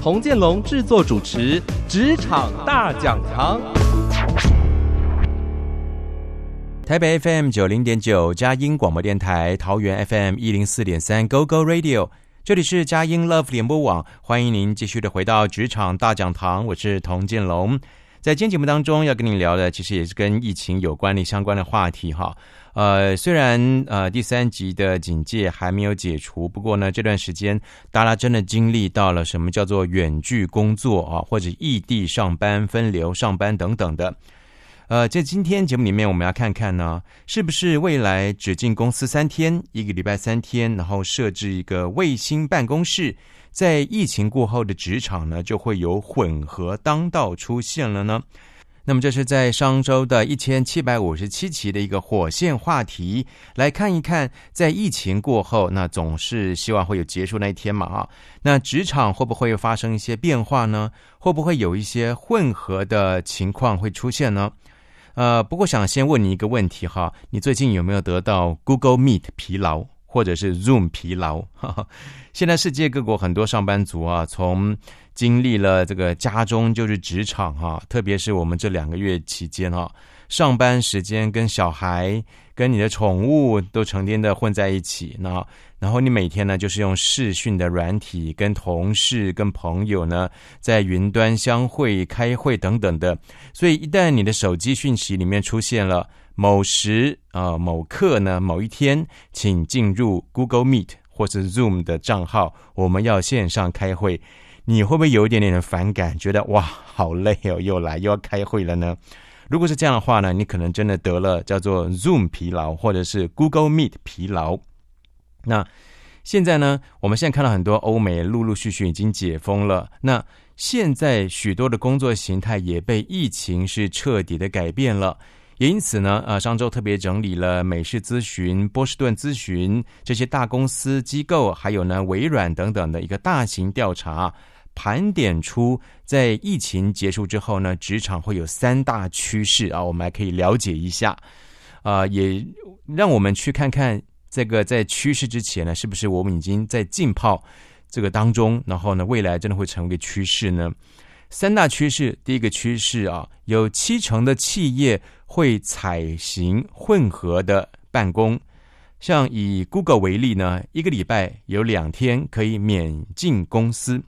童建龍製作主持《職場大講堂》，台北 FM 九零點九佳音廣播電台，桃園 FM 一零四點三 GoGo Radio，這裡是佳音 Love 聯播網，歡迎您繼續的回到《職場大講堂》，我是童建龍。在今天節目當中，要跟你聊的其實也是跟疫情有關的、相關的話題哈。呃，雖然呃第三級的警戒還沒有解除，不過呢這段時間，大家真的經歷到了什麼叫做遠距工作啊，或者異地上班、分流上班等等的。呃，在今天節目裡面，我們要看看呢，是不是未來只進公司三天，一個禮拜三天，然後設置一個衛星辦公室。在疫情過後的職場呢，就會有混合當道出現了呢。那麼這是在商周的一千七百五十七期的一個火線話題，來看一看在疫情過後，那總是希望會有結束那一天嘛啊？那職場會不會發生一些變化呢？會不會有一些混合的情況會出現呢？呃，不過想先問你一個問題哈，你最近有沒有得到 Google Meet 疲勞？或者是 Zoom 疲勞，現在世界各國很多上班族啊，從經歷了這個家中就是職場哈、啊，特別是我們這兩個月期間哈、啊，上班時間跟小孩、跟你的寵物都成天的混在一起，那然後你每天呢就是用視訊的軟體跟同事、跟朋友呢在雲端相會、開會等等的，所以一旦你的手機訊息裡面出現了。某時啊、呃，某刻呢，某一天，請進入 Google Meet 或是 Zoom 的賬號，我們要線上開會。你會不會有一點點的反感，覺得哇，好累哦，又來又要開會了呢？如果是這樣的話呢，你可能真的得了叫做 Zoom 疲勞，或者是 Google Meet 疲勞。那現在呢，我們現在看到很多歐美陸陸續續已經解封了，那現在許多的工作形態也被疫情是徹底的改變了。因此呢，呃，上週特別整理了美世諮詢、波士頓諮詢這些大公司機構，還有呢微軟等等的一個大型調查，盤點出在疫情結束之後呢，職場會有三大趨勢啊，我們還可以了解一下，啊，也讓我們去看看這個在趨勢之前呢，是不是我們已經在浸泡這個當中，然後呢，未來真的會成為趨勢呢？三大趨勢，第一個趨勢啊，有七成的企業。會採行混合的辦公，像以 Google 為例呢，一個禮拜有兩天可以免進公司，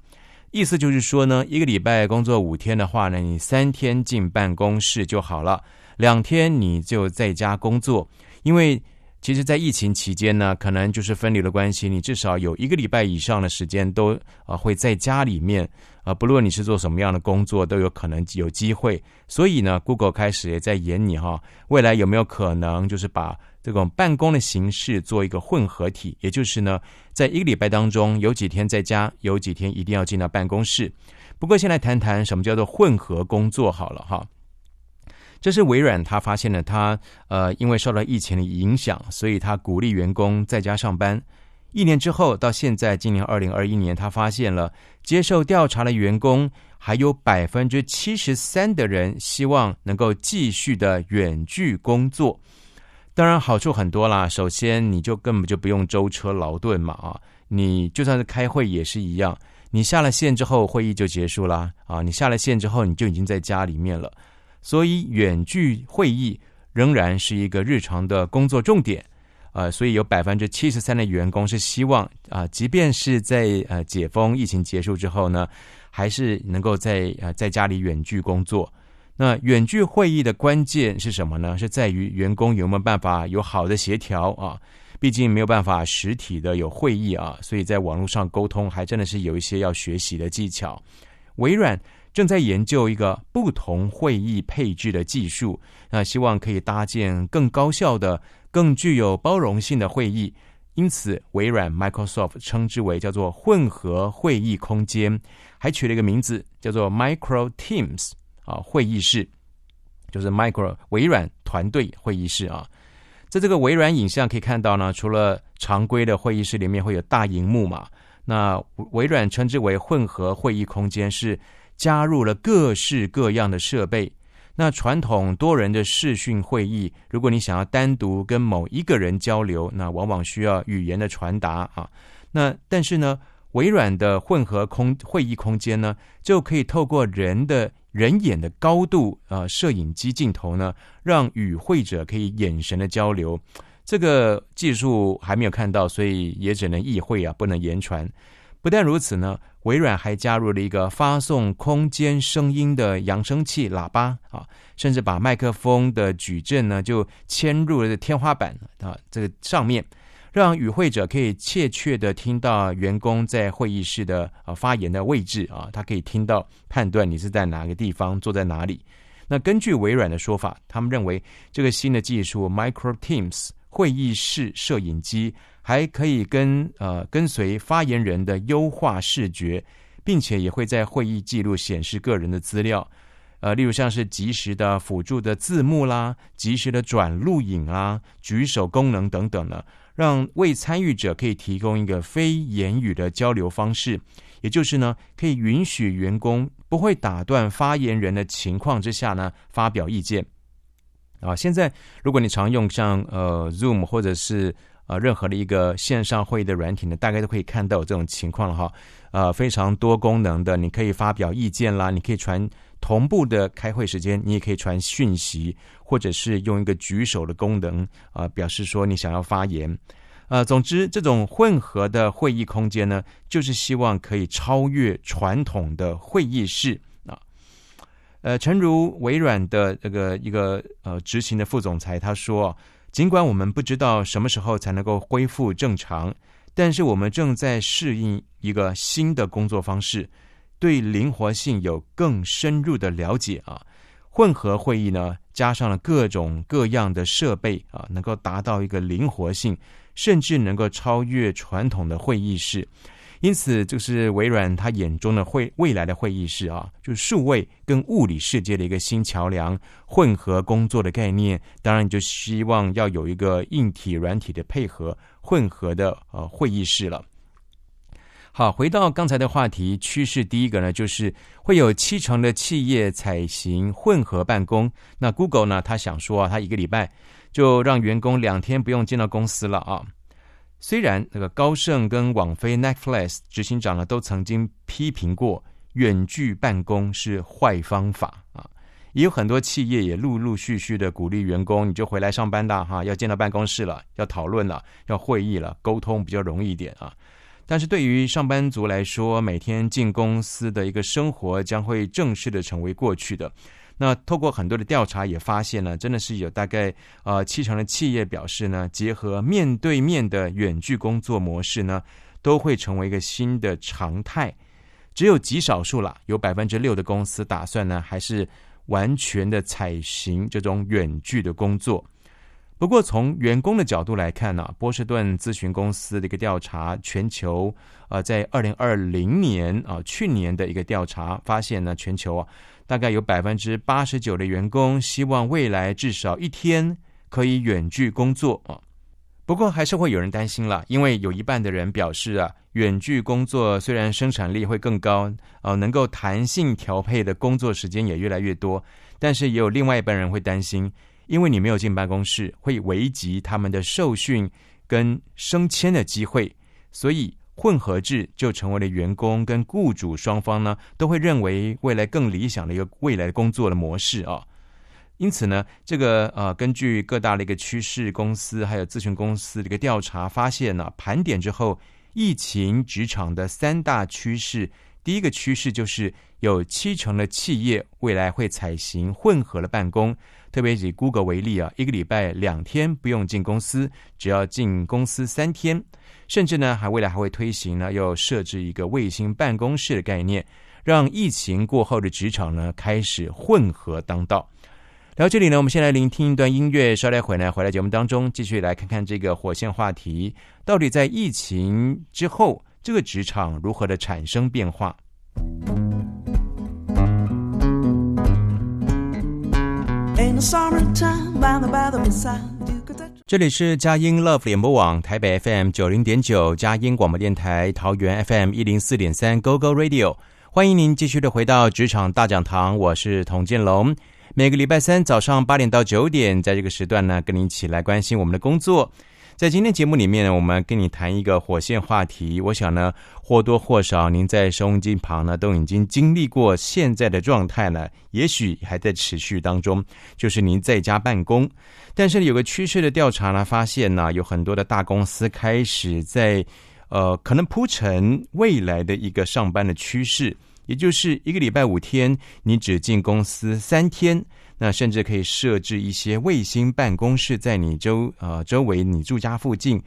意思就是說呢，一個禮拜工作五天的話呢，你三天進辦公室就好了，兩天你就在家工作。因為其實，在疫情期間呢，可能就是分流的關係，你至少有一個禮拜以上的時間都啊會在家裡面。啊、呃，不論你是做什麼樣的工作，都有可能有機會。所以呢，Google 開始也在研擬哈，未來有沒有可能就是把這種辦公的形式做一個混合體，也就是呢，在一個禮拜當中有幾天在家，有幾天一定要進到辦公室。不過，先來談談什麼叫做混合工作好了哈。這是微軟，他發現了他呃，因為受到疫情的影響，所以他鼓勵員工在家上班。一年之後，到現在，今年二零二一年，他發現了接受調查的員工還有百分之七十三的人希望能夠繼續的遠距工作。當然好處很多啦，首先你就根本就不用舟車勞頓嘛啊，你就算是開會也是一樣，你下了線之後會議就結束了啊，你下了線之後你就已經在家裡面了，所以遠距會議仍然是一個日常的工作重點。呃，所以有百分之七十三的員工是希望啊，即便是在呃解封、疫情結束之後呢，還是能夠在呃在家裡遠距工作。那遠距會議的關鍵是什麼呢？是在於員工有沒有辦法有好的協調啊，畢竟沒有辦法實體的有會議啊，所以在網絡上溝通還真的是有一些要學習的技巧。微軟正在研究一個不同會議配置的技術，那希望可以搭建更高效的，更具有包容性的會議，因此微軟 Microsoft 稱之為叫做混合會議空間，還取了一個名字叫做 Micro Teams 啊，會議室，就是 Micro 微軟團隊會議室啊。在這個微軟影像可以看到呢，除了常規的會議室裡面會有大熒幕嘛，那微軟稱之為混合會議空間是加入了各式各樣的設備。那傳統多人的視訊會議，如果你想要單獨跟某一個人交流，那往往需要語言的傳達啊。那但是呢，微軟的混合空會議空間呢，就可以透過人的人眼的高度啊呃、攝影機鏡頭呢，讓與會者可以眼神的交流。這個技術還沒有看到，所以也只能意會啊，不能言傳。不但如此呢，微軟還加入了一個發送空間聲音的揚聲器喇叭啊，甚至把麥克風的矩陣呢，就嵌入了天花板啊這個上面，讓與會者可以確切地聽到員工在會議室的啊發言的位置啊，他可以聽到判斷你是在哪個地方，坐在哪裡。那根據微軟的說法，他們認為這個新的技術 Microsoft Teams。會議室攝影機還可以跟呃跟隨發言人的優化視覺，並且也會在會議記錄顯示個人的資料，呃，例如像是即時的輔助的字幕啦、即時的轉錄影啦、啊、舉手功能等等呢，讓未參與者可以提供一個非言語的交流方式，也就是呢，可以允許員工不會打斷發言人的情況之下呢，發表意見。啊，現在如果你常用像呃 Zoom 或者是呃任何的一個線上會議的軟體呢，大概都可以看到這種情況了哈。啊、呃，非常多功能的，你可以發表意見啦，你可以傳同步的開會時間，你也可以傳訊息，或者是用一個舉手的功能啊、呃，表示說你想要發言。呃，總之，這種混合的會議空間呢，就是希望可以超越傳統的會議室。呃，誠如微軟的那個一個呃，執行的副總裁他說，儘管我們不知道什麼時候才能夠恢復正常，但是我們正在適應一個新的工作方式，對靈活性有更深入的了解啊。混合會議呢，加上了各種各樣的設備啊，能夠達到一個靈活性，甚至能夠超越傳統的會議室。因此，就是微軟他眼中的會未來的會議室啊，就是數位跟物理世界的一個新橋樑，混合工作的概念。當然，就希望要有一個硬體軟體的配合，混合的呃會議室了。好，回到剛才的話題，趨勢第一個呢，就是會有七成的企業採行混合辦公。那 Google 呢，他想說啊，他一個禮拜就讓員工兩天不用進到公司了啊。雖然那個高盛跟網飛 Netflix 執行長呢，都曾經批評過遠距辦公是壞方法啊，也有很多企業也陸陸續續的鼓勵員工，你就回來上班的哈，要見到辦公室了，要討論了，要會議了，溝通比較容易一點啊。但是對於上班族來說，每天進公司的一個生活將會正式的成為過去的。那透過很多的調查也發現呢，真的是有大概呃七成的企業表示呢，結合面對面的遠距工作模式呢，都會成為一個新的常態。只有極少數啦，有百分之六的公司打算呢，還是完全的採行這種遠距的工作。不過，從員工的角度來看呢，啊，波士頓諮詢公司的一個調查，全球啊，在二零二零年啊，去年的一個調查發現呢，全球啊，大概有百分之八十九的員工希望未來至少一天可以遠距工作啊。不過，還是會有人擔心了，因為有一半的人表示啊，遠距工作雖然生產力會更高，呃，能夠彈性調配的工作時間也越來越多，但是也有另外一半人會擔心。因為你沒有進辦公室，會危及他們的受訓跟升遷的機會，所以混合制就成為了員工跟雇主雙方呢都會認為未來更理想的一個未來的工作的模式啊。因此呢，這個呃、啊，根據各大的一個趨勢公司還有諮詢公司的一個調查發現呢，盤點之後，疫後職場的三大趨勢。第一個趨勢就是有七成的企業未來會採行混合的辦公，特別以 Google 為例啊，一個禮拜兩天不用進公司，只要進公司三天，甚至呢還未來還會推行呢，又設置一個衛星辦公室的概念，讓疫情過後的職場呢開始混合當道。然後這裡呢，我們先來聆聽一段音樂，稍待會呢，回來節目當中繼續來看看這個火線話題到底在疫情之後。這個職場如何的產生變化？這裡是佳音 Love 聯播網，台北 FM 九零點九佳音廣播電台，桃園 FM 一零四點三 GoGo Radio，歡迎您繼續的回到職場大講堂，我是童建龍。每個禮拜三早上八點到九點，在這個時段呢，跟您一起來關心我們的工作。在今天節目裡面呢，我們跟你談一個火線話題。我想呢，或多或少您在收音機旁呢都已經經歷過現在的狀態了，也許還在持續當中。就是您在家辦公，但是有個趨勢的調查呢，發現呢，有很多的大公司開始在呃，可能鋪陳未來的一個上班的趨勢，也就是一個禮拜五天，你只進公司三天。那甚至可以設置一些衛星辦公室在你周、呃周圍，你住家附近，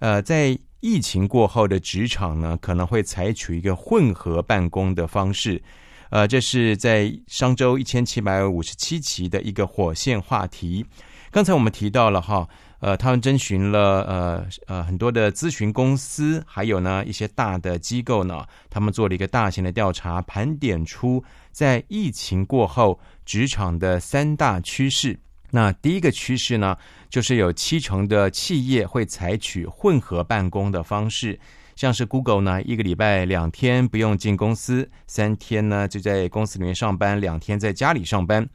呃，在疫情過後的職場呢，可能會採取一個混合辦公的方式，呃，這是在商周一千七百五十七期的一個火線話題。剛才我們提到了哈。呃，他們徵詢了呃呃很多的諮詢公司，還有呢一些大的機構呢，他們做了一個大型的調查，盤點出在疫情過後職場的三大趨勢。那第一個趨勢呢，就是有七成的企業會採取混合辦公的方式，像是 Google 呢，一個禮拜兩天不用進公司，三天呢就在公司裡面上班，兩天在家裡上班。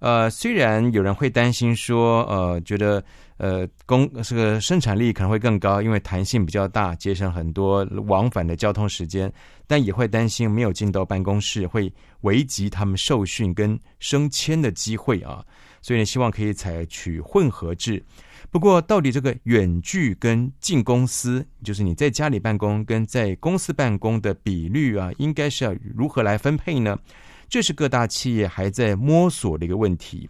呃，雖然有人會擔心說，呃，覺得呃，工這個生產力可能會更高，因為彈性比較大，節省很多往返的交通時間。但也會擔心沒有進到辦公室會危及他們受訓跟升遷的機會啊。所以呢，希望可以採取混合制。不過，到底這個遠距跟進公司，就是你在家裡辦公跟在公司辦公的比率啊，應該是要如何來分配呢？這是各大企業還在摸索的一個問題。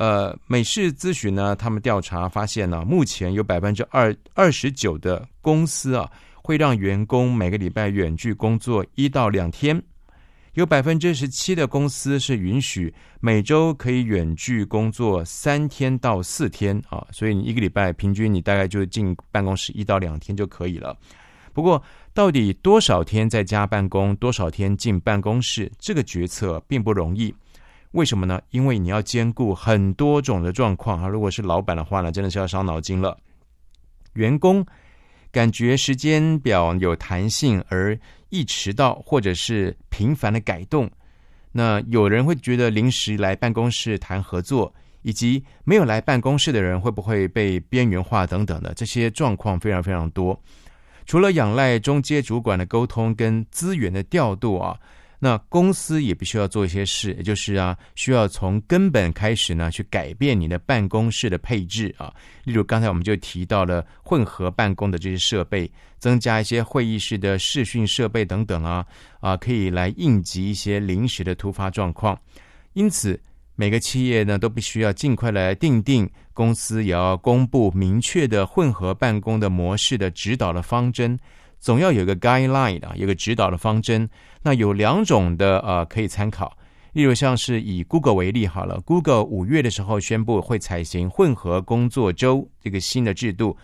呃，美世諮詢呢，他們調查發現呢、啊，目前有百分之二二十九的公司啊，會讓員工每個禮拜遠距工作一到兩天。有17，有百分之十七的公司是允許每週可以遠距工作三天到四天啊，所以你一個禮拜平均你大概就進辦公室一到兩天就可以了。不過，到底多少天在家辦公，多少天進辦公室，這個決策並不容易。為什麼呢？因為你要兼顧很多種的狀況啊！如果是老闆的話呢，真的是要傷腦筋了。員工感覺時間表有彈性而易遲到，或者是頻繁的改動，那有人會覺得臨時來辦公室談合作，以及沒有來辦公室的人會不會被邊緣化等等的這些狀況非常非常多。除了仰賴中階主管的溝通跟資源的調度啊。那公司也必須要做一些事，也就是啊，需要從根本開始呢，去改變你的辦公室的配置啊。例如剛才我們就提到了混合辦公的這些設備，增加一些會議室的視訊設備等等啊，啊，可以來應急一些臨時的突發狀況。因此，每個企業呢都必須要儘快來定定，公司也要公布明確的混合辦公的模式的指導的方針。總要有個 guideline 啊，有一個指導的方針。那有兩種的呃、啊，可以參考。例如像是以 Google 為例好了，Google 五月的時候宣布會採行混合工作週這個新的制度，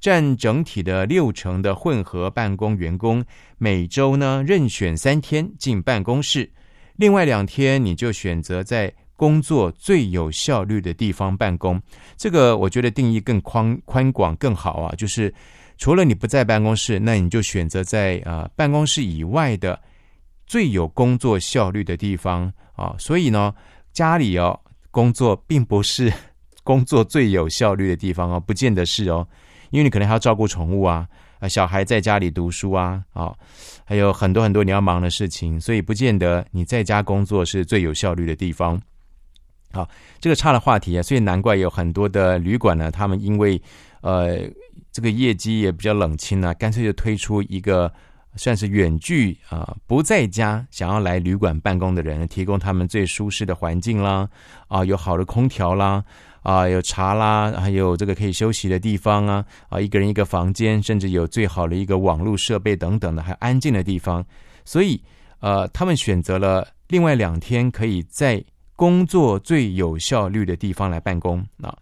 佔整體的六成的混合辦公員工，每週呢任選三天進辦公室，另外兩天你就選擇在工作最有效率的地方辦公。這個我覺得定義更寬寬廣更好啊，就是。除了你不在辦公室，那你就選擇在啊、呃、辦公室以外的最有工作效率的地方啊、哦。所以呢，家裡哦工作並不是工作最有效率的地方哦，不見得是哦，因為你可能還要照顧寵物啊，啊小孩在家裡讀書啊，啊、哦、還有很多很多你要忙的事情，所以不見得你在家工作是最有效率的地方。好、哦，這個差的話題啊，所以難怪有很多的旅館呢，他們因為。呃，這個業績也比較冷清呢、啊，乾脆就推出一個算是遠距啊、呃，不在家想要來旅館辦公的人，提供他們最舒適的環境啦，啊、呃，有好的空調啦，啊、呃，有茶啦，還有這個可以休息的地方啊，啊、呃，一個人一個房間，甚至有最好的一個網絡設備等等的，還安靜的地方。所以，呃，他們選擇了另外兩天可以在工作最有效率的地方來辦公啊，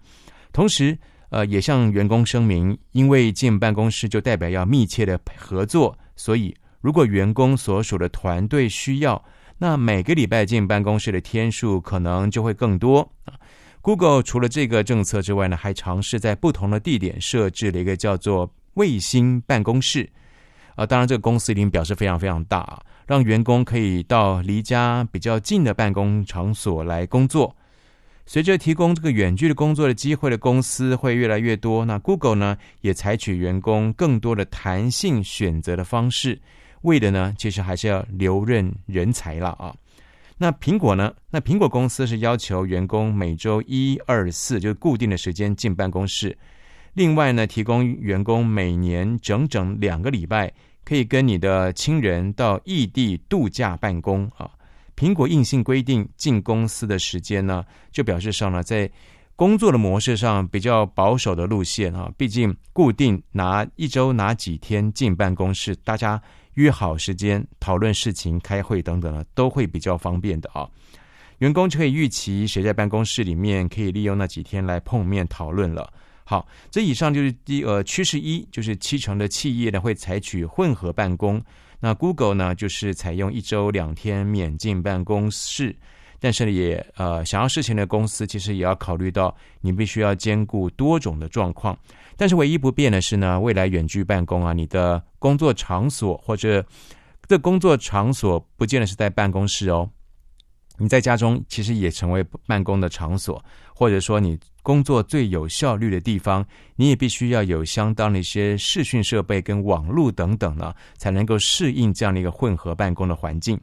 同時。呃，也向員工聲明，因為進辦公室就代表要密切的合作，所以如果員工所屬的團隊需要，那每個禮拜進辦公室的天數可能就會更多。啊，Google 除了這個政策之外呢，還嘗試在不同的地點設置了一個叫做衛星辦公室。啊，當然這個公司已經表示非常非常大，讓員工可以到離家比較近的辦公場所來工作。隨着提供這個遠距的工作的機會的公司會越來越多，那 Google 呢也採取員工更多的彈性選擇的方式，為的呢其實還是要留任人才了啊。那蘋果呢？那蘋果公司是要求員工每周一、二、四就是固定的時間進辦公室，另外呢提供員工每年整整兩個禮拜可以跟你的親人到異地度假辦公啊。蘋果硬性規定進公司的時間呢，就表示上呢，在工作的模式上比較保守的路線啊。畢竟固定拿一周拿幾天進辦公室，大家約好時間討論事情、開會等等呢，都會比較方便的啊。員工就可以預期誰在辦公室裡面，可以利用那幾天來碰面討論了。好，這以上就是第呃趨勢一，就是七成的企業呢會採取混合辦公。那 Google 呢，就是採用一週兩天免進辦公室，但是也呃，想要試行的公司其實也要考慮到，你必須要兼顧多種的狀況。但是唯一不變的是呢，未來遠距辦公啊，你的工作場所或者的工作場所不見得是在辦公室哦。你在家中其實也成為辦公的場所，或者說你工作最有效率的地方，你也必須要有相當的一些視訊設備跟網絡等等呢，才能夠適應這樣的一個混合辦公的環境。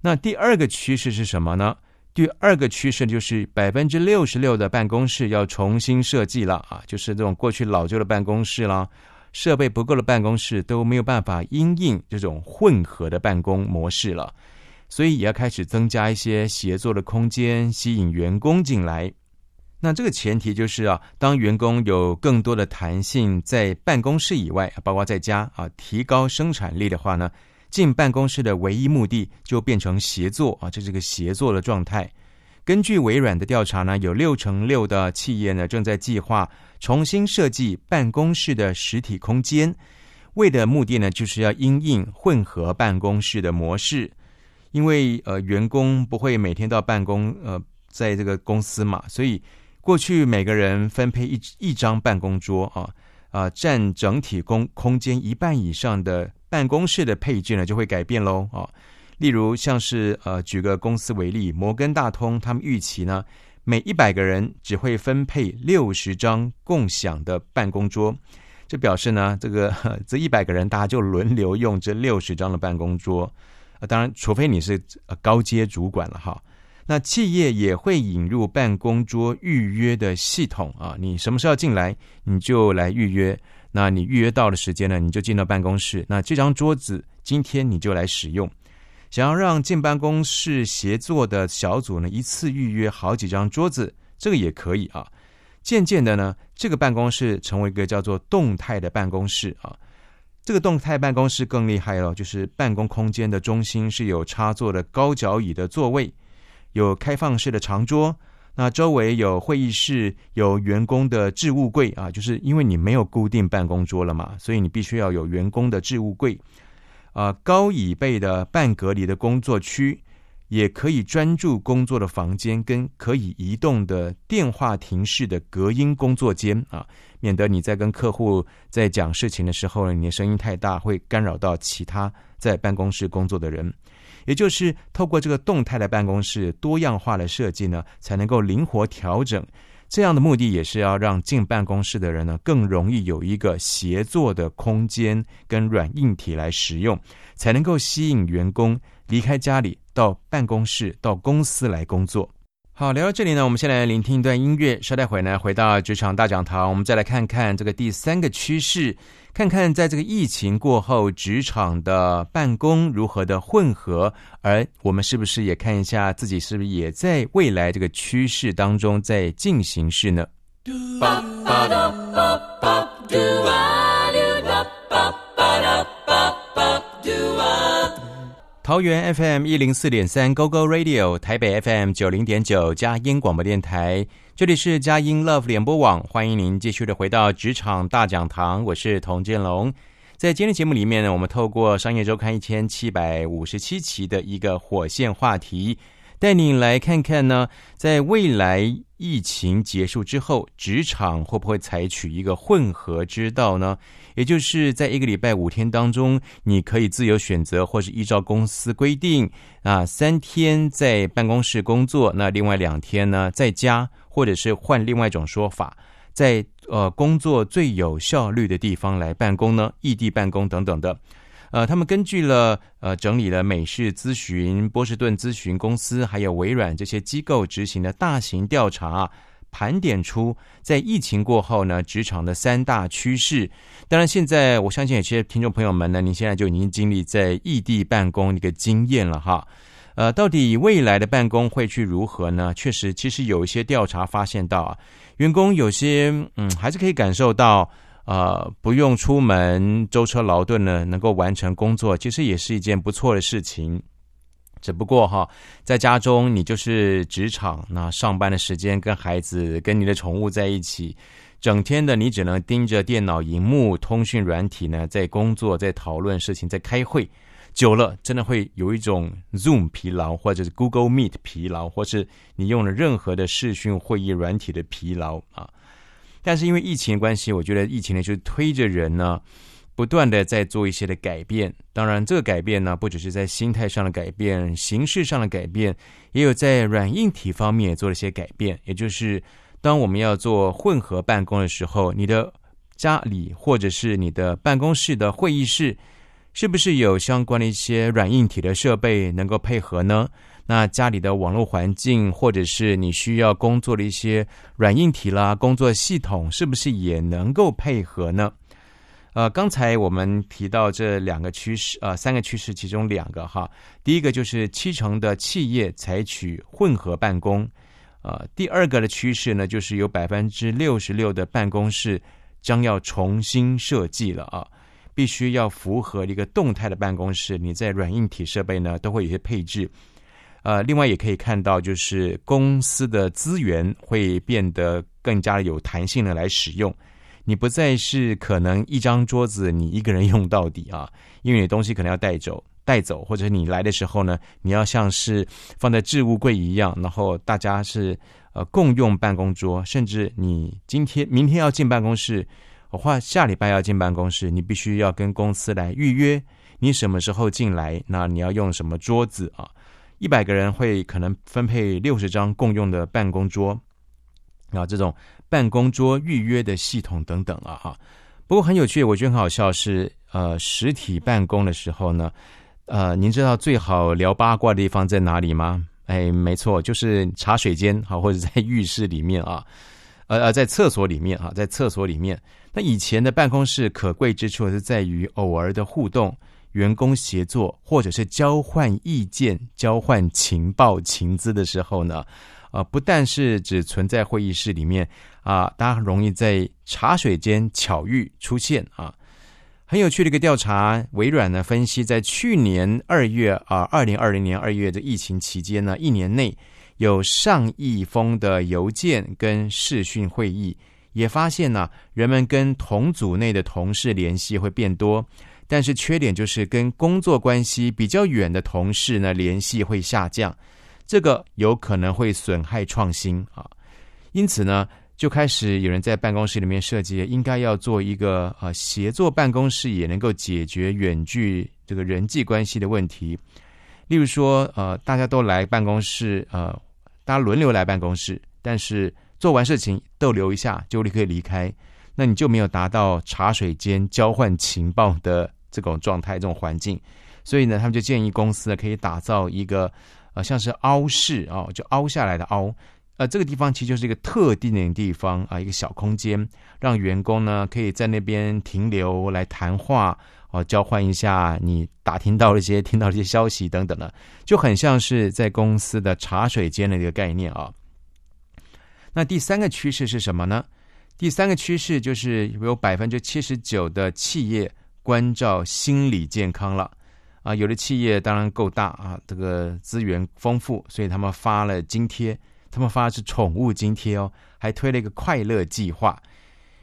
那第二個趨勢是什麼呢？第二個趨勢就是百分之六十六的辦公室要重新設計了啊，就是這種過去老舊的辦公室啦，設備不夠的辦公室都沒有辦法因應這種混合的辦公模式了。所以也要開始增加一些協作的空間，吸引員工進來。那這個前提就是啊，當員工有更多的彈性在辦公室以外，包括在家啊，提高生產力的話呢，進辦公室的唯一目的就變成協作啊，這是個協作的狀態。根據微軟的調查呢，有六成六的企業呢正在計劃重新設計辦公室的實體空間，為的目的呢就是要因應混合辦公室的模式。因為呃、呃，員工不會每天到辦公呃，在這個公司嘛，所以過去每個人分配一一張辦公桌啊，啊，佔整體公空間一半以上的辦公室的配置呢，就會改變嘍啊。例如像是呃，舉個公司為例，摩根大通他們預期呢，每一百個人只會分配六十張共享的辦公桌，這表示呢，這個這一百個人大家就輪流用這六十張的辦公桌。當然，除非你是高階主管了哈。那企業也會引入辦公桌預約的系統啊。你什麼時候進來，你就來預約。那你預約到的時間呢，你就進到辦公室。那這張桌子今天你就來使用。想要讓進辦公室協作的小組呢，一次預約好幾張桌子，這個也可以啊。漸漸的呢，這個辦公室成為一個叫做動態的辦公室啊。這個動態辦公室更厲害了，就是辦公空間的中心是有插座的高腳椅的座位，有開放式的長桌，那周圍有會議室，有員工的置物櫃啊。就是因為你沒有固定辦公桌了嘛，所以你必須要有員工的置物櫃，啊，高椅背的半隔離的工作區，也可以專注工作的房間，跟可以移動的電話亭式的隔音工作間啊。免得你在跟客戶在講事情的時候，你的聲音太大，會干擾到其他在辦公室工作的人。也就是透過這個動態的辦公室多樣化的設計呢，才能夠靈活調整。這樣的目的也是要讓進辦公室的人呢，更容易有一個協作的空間，跟軟硬體來使用，才能夠吸引員工離開家裡到辦公室、到公司來工作。好，聊到這裡呢，我們先來聆聽一段音樂。稍待會呢，回到職場大講堂，我們再來看看這個第三個趨勢，看看在這個疫情過後，職場的辦公如何的混合，而我們是不是也看一下自己是不是也在未來這個趨勢當中在進行式呢？Do, 啊桃園 FM 一零四點三 GoGo Radio，台北 FM 九零點九佳音廣播電台，這裡是佳音 Love 聯播網，歡迎您繼續的回到職場大講堂，我是童建龍。在今天節目裡面呢，我們透過《商業周刊》一千七百五十七期的一個火線話題，帶您來看看呢，在未來疫情結束之後，職場會不會採取一個混合之道呢？也就是在一個禮拜五天當中，你可以自由選擇，或是依照公司規定啊，三天在辦公室工作，那另外兩天呢，在家，或者是換另外一種說法，在呃工作最有效率的地方來辦公呢，異地辦公等等的。呃，他們根據了呃整理了美世諮詢、波士頓諮詢公司還有微軟這些機構執行的大型調查。盤點出在疫情過後呢，職場的三大趨勢。當然，現在我相信有些聽眾朋友們呢，您現在就已經經歷在異地辦公一個經驗了哈。呃，到底未來的辦公會去如何呢？確實，其實有一些調查發現到啊，員工有些嗯，還是可以感受到呃，不用出門舟車勞頓呢，能夠完成工作，其實也是一件不錯的事情。只不過哈，在家中你就是職場，那上班的時間跟孩子、跟你的寵物在一起，整天的你只能盯着電腦螢幕、通訊軟體呢，在工作、在討論事情、在開會，久了真的會有一種 Zoom 疲勞，或者是 Google Meet 疲勞，或是你用了任何的視訊會議軟體的疲勞啊。但是因為疫情關係，我覺得疫情呢就推着人呢。不斷的在做一些的改變，當然這個改變呢，不只是在心態上的改變，形式上的改變，也有在軟硬體方面也做了一些改變。也就是，當我們要做混合辦公的時候，你的家裡或者是你的辦公室的會議室，是不是有相關的一些軟硬體的設備能夠配合呢？那家裡的網絡環境，或者是你需要工作的一些軟硬體啦，工作系統，是不是也能夠配合呢？呃，剛才我們提到這兩個趨勢，呃，三個趨勢其中兩個哈，第一個就是七成的企業採取混合辦公，呃，第二個的趨勢呢，就是有百分之六十六的辦公室將要重新設計了啊，必須要符合一個動態的辦公室，你在軟硬體設備呢，都會有些配置，呃，另外也可以看到就是公司的資源會變得更加有彈性的來使用。你不再是可能一張桌子，你一個人用到底啊，因為你東西可能要帶走帶走，或者你來的時候呢，你要像是放在置物櫃一樣，然後大家是呃共用辦公桌，甚至你今天明天要進辦公室，或者下禮拜要進辦公室，你必須要跟公司來預約你什麼時候進來，那你要用什麼桌子啊？一百個人會可能分配六十張共用的辦公桌啊，這種。辦公桌預約的系統等等啊，哈，不過很有趣，我覺得很好笑是呃，實體辦公的時候呢，呃，您知道最好聊八卦的地方在哪裡嗎？哎，沒錯，就是茶水間好，或者在浴室裡面啊，呃在廁所裡面啊，在廁所裡面。那以前的辦公室可貴之處是在於偶爾的互動、員工協作或者是交換意見、交換情報、情資的時候呢，呃，不但是只存在會議室裡面。啊，大家很容易在茶水間巧遇出現啊，很有趣的一個調查，微軟呢分析在去年二月啊，二零二零年二月的疫情期間呢，一年內有上億封的郵件跟視訊會議，也發現呢，人們跟同組內的同事聯繫會變多，但是缺點就是跟工作關係比較遠的同事呢聯繫會下降，這個有可能會損害創新啊，因此呢，就開始有人在辦公室裡面設計，應該要做一個呃協作辦公室，也能夠解決遠距這個人際關係的問題。例如說，呃，大家都來辦公室，呃，大家輪流來辦公室，但是做完事情逗留一下就立刻離開，那你就沒有達到茶水間交換情報的這種狀態、這種環境。所以呢，他們就建議公司呢可以打造一個呃，像是凹室啊、哦，就凹下來的凹。呃，這個地方其實就是一個特定的地方啊，一個小空間，讓員工呢可以在那邊停留來談話哦、啊，交換一下你打聽到一些、聽到這些消息等等的，就很像是在公司的茶水間的一個概念啊。那第三個趨勢是什麼呢？第三個趨勢就是有百分之七十九的企業關照心理健康了啊，有的企業當然夠大啊，這個資源豐富，所以他們發了津貼。他們發的是寵物津貼哦，還推了一個快樂計劃。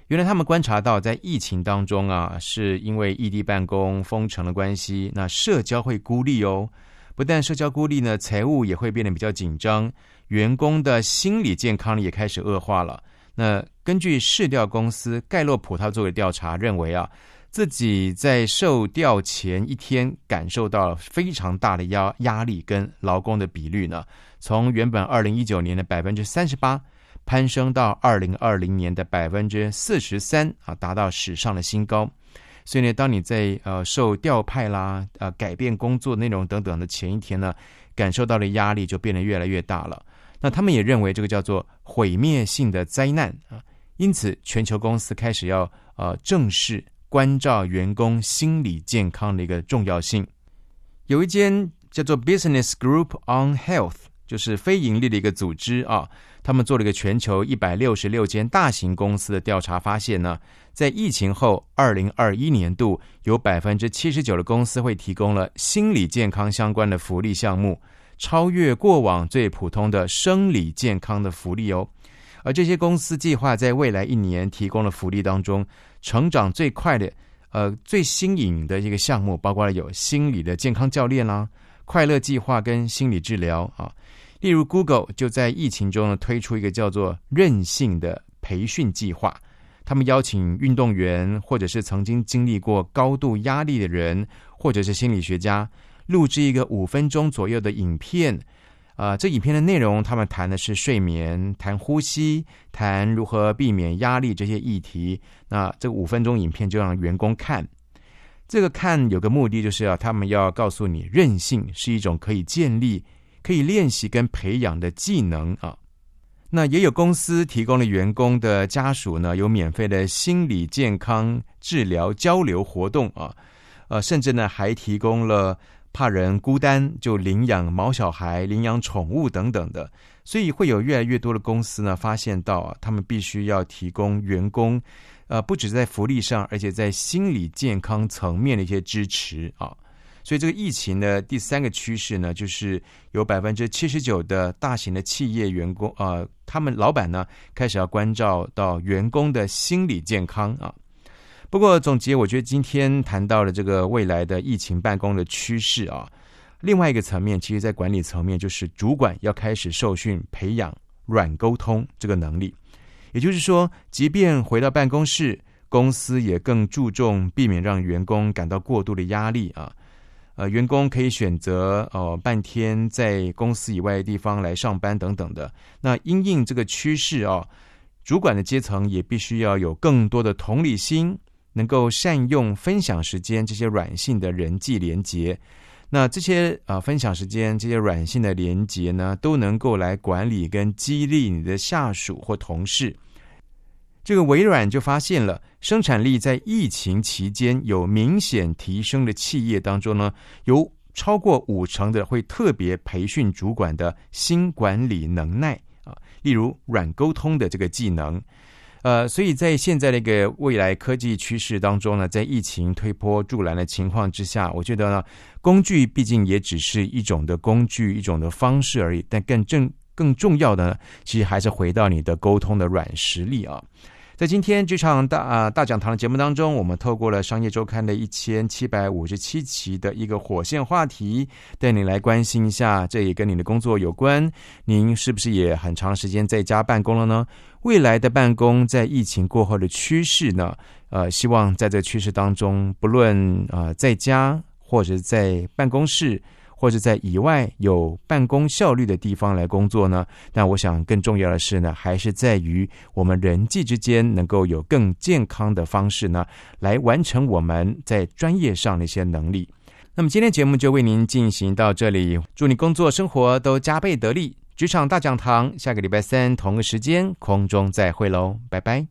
原來他們觀察到，在疫情當中啊，是因為異地辦公、封城的關係，那社交會孤立哦。不但社交孤立呢，財務也會變得比較緊張，員工的心理健康也開始惡化了。那根據市調公司蓋洛普，他做的調查認為啊。自己在受調前一天感受到了非常大的壓壓力，跟勞工的比率呢，從原本二零一九年的百分之三十八攀升到二零二零年的百分之四十三啊，達到史上的新高。所以呢，當你在呃受調派啦、呃改變工作內容等等的前一天呢，感受到的壓力就變得越來越大了。那他們也認為這個叫做毀滅性的災難啊，因此全球公司開始要呃正視。關照員工心理健康的一個重要性。有一間叫做 Business Group on Health，就是非盈利的一個組織啊，他們做了一個全球一百六十六間大型公司的調查，發現呢，在疫情後二零二一年度，有百分之七十九的公司會提供了心理健康相關的福利項目，超越過往最普通的生理健康的福利哦。而這些公司計劃在未來一年提供的福利當中，成長最快的、呃，最新穎的一個項目，包括了有心理的健康教練啦、啊、快樂計劃跟心理治療啊。例如，Google 就在疫情中呢推出一個叫做“韌性的培訓計劃”，他們邀請運動員或者是曾經經歷過高度壓力的人，或者是心理學家，錄製一個五分鐘左右的影片。呃，這影片的內容，他們談的是睡眠、談呼吸、談如何避免壓力這些議題。那這五分鐘影片就讓員工看，這個看有個目的，就是要、啊、他們要告訴你，韌性是一種可以建立、可以練習跟培養的技能啊。那也有公司提供了員工的家屬呢，有免費的心理健康治療交流活動啊，呃，甚至呢還提供了。怕人孤單，就領養毛小孩、領養寵物等等的，所以會有越來越多的公司呢，發現到、啊、他們必須要提供員工，呃，不止在福利上，而且在心理健康層面的一些支持啊。所以這個疫情的第三個趨勢呢，就是有百分之七十九的大型的企業員工啊、呃，他們老闆呢開始要關照到員工的心理健康啊。不過總結，我覺得今天談到了這個未來的疫情辦公的趨勢啊。另外一個層面，其實，在管理層面，就是主管要開始受訓，培養軟溝通這個能力。也就是說，即便回到辦公室，公司也更注重避免讓員工感到過度的壓力啊。呃，員工可以選擇哦，半天在公司以外的地方來上班等等的。那因應這個趨勢啊，主管的階層也必須要有更多的同理心。能夠善用分享時間，這些軟性的人際連接。那這些啊、呃、分享時間，這些軟性的連接呢，都能夠來管理跟激勵你的下屬或同事。這個微軟就發現了，生產力在疫情期間有明顯提升的企業當中呢，有超過五成的會特別培訓主管的新管理能耐啊，例如軟溝通的這個技能。呃，所以在現在那個未來科技趨勢當中呢，在疫情推波助瀾的情況之下，我覺得呢，工具畢竟也只是一種的工具，一種的方式而已。但更正更重要的呢，其實還是回到你的溝通的軟實力啊。在今天這場大、呃、大講堂的節目當中，我們透過了《商業周刊》的一千七百五十七期的一個火線話題，帶你來關心一下，這也跟你的工作有關。您是不是也很長時間在家辦公了呢？未來的辦公在疫情過後的趨勢呢？呃，希望在這趨勢當中，不論啊、呃、在家或者在辦公室。或者在以外有辦公效率的地方來工作呢？但我想更重要的是呢，還是在於我們人際之間能夠有更健康的方式呢，來完成我們在專業上的一些能力。那麼今天節目就為您進行到這裡，祝你工作生活都加倍得力！職場大講堂，下個禮拜三同個時間空中再會嘍，拜拜。